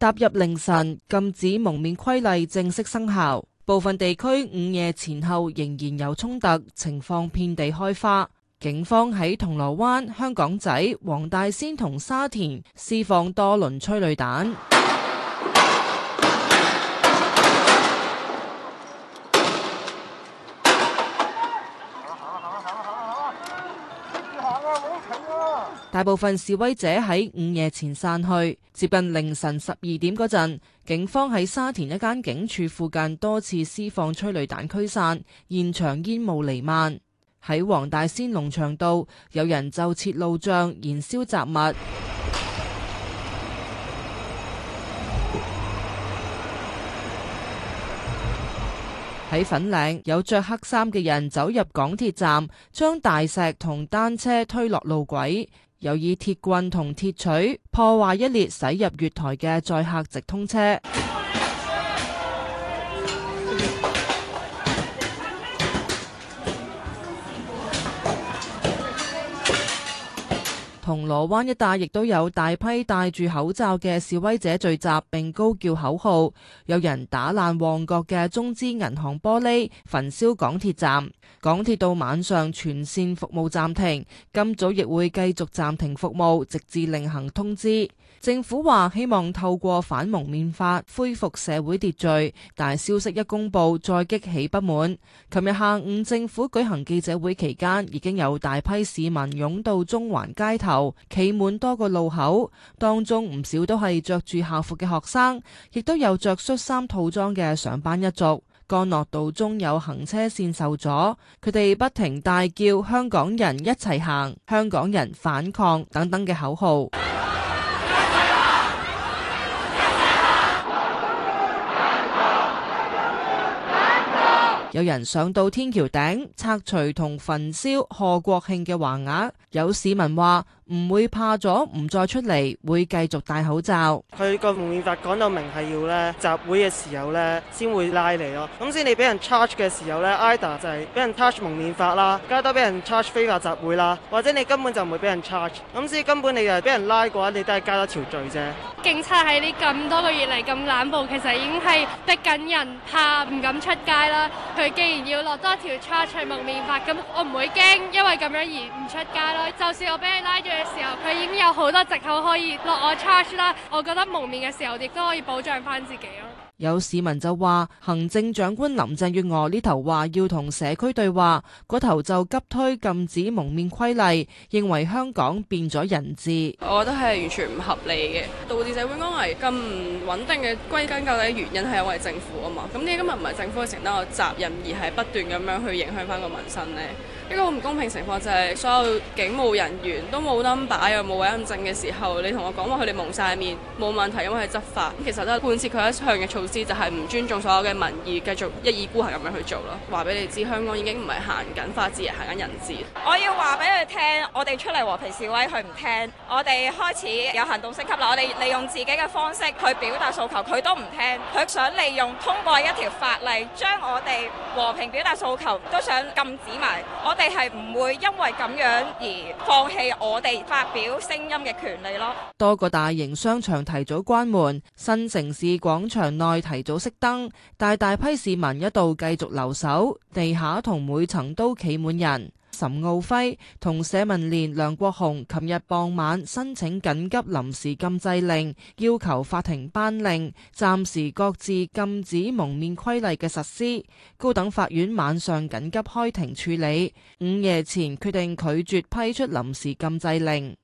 踏入凌晨，禁止蒙面規例正式生效。部分地區午夜前後仍然有衝突，情況遍地開花。警方喺銅鑼灣、香港仔、黃大仙同沙田施放多輪催淚彈。大部分示威者喺午夜前散去，接近凌晨十二點嗰陣，警方喺沙田一間警署附近多次施放催淚彈驅散，現場煙霧彌漫。喺黃大仙龍翔道，有人就設路障、燃燒雜物。喺粉嶺，有着黑衫嘅人走入港鐵站，將大石同單車推落路軌。又以鐵棍同鐵錘破壞一列駛入月台嘅載客直通車。銅鑼灣一帶亦都有大批戴住口罩嘅示威者聚集，並高叫口號，有人打爛旺角嘅中資銀行玻璃，焚燒港鐵站。港鐵到晚上全線服務暫停，今早亦會繼續暫停服務，直至另行通知。政府話希望透過反蒙面法恢復社會秩序，但消息一公布，再激起不滿。琴日下午政府舉行記者會期間，已經有大批市民湧到中環街頭。企滿多個路口，當中唔少都係着住校服嘅學生，亦都有着恤衫套裝嘅上班一族。干諾道中有行車線受阻，佢哋不停大叫：香港人一齊行，香港人反抗等等嘅口號。有人上到天橋頂拆除同焚燒賀國慶嘅橫額，有市民話：唔會怕咗唔再出嚟，會繼續戴口罩。佢個蒙面法講到明係要咧集會嘅時候咧先會拉你咯，咁先你俾人 charge 嘅時候咧 ida 就係俾人 charge 蒙面法啦，加多俾人 charge 非法集會啦，或者你根本就唔會俾人 charge，咁所以根本你就係俾人拉嘅話，你都係加多條罪啫。警察喺呢咁多個月嚟咁冷暴，其實已經係逼緊人怕唔敢出街啦。佢既然要落多條 charge 去蒙面法，咁我唔會驚因為咁樣而唔出街咯。就算我俾你拉咗嘅時候，佢已經有好多藉口可以落我 charge 啦。我覺得蒙面嘅時候，亦都可以保障翻自己咯。有市民就話，行政長官林鄭月娥呢頭話要同社區對話，嗰頭就急推禁止蒙面規例，認為香港變咗人質。我覺得係完全唔合理嘅，導致社會安危咁唔穩定嘅，歸根究底原因係因為政府啊嘛。咁你今日唔係政府去承擔個責任，而係不斷咁樣去影響翻個民生呢。一個好唔公平情況就係所有警務人員都冇 number，又冇委任證嘅時候，你同我講話佢哋蒙晒面冇問題，因為佢執法。其實都係貫徹佢一向嘅措施，就係唔尊重所有嘅民意，繼續一意孤行咁樣去做咯。話俾你知，香港已經唔係行緊法治，係行緊人治。我要話俾佢聽，我哋出嚟和平示威，佢唔聽。我哋開始有行動升級啦，我哋利用自己嘅方式去表達訴求，佢都唔聽。佢想利用通過一條法例，將我哋和平表達訴求都想禁止埋。我哋係唔會因為咁樣而放棄我哋發表聲音嘅權利咯。多個大型商場提早關門，新城市廣場內提早熄燈，大大批市民一度繼續留守，地下同每層都企滿人。岑敖暉同社民連梁國雄琴日傍晚申請緊急臨時禁制令，要求法庭頒令暫時各自禁止蒙面規例嘅實施。高等法院晚上緊急開庭處理，午夜前決定拒絕批出臨時禁制令。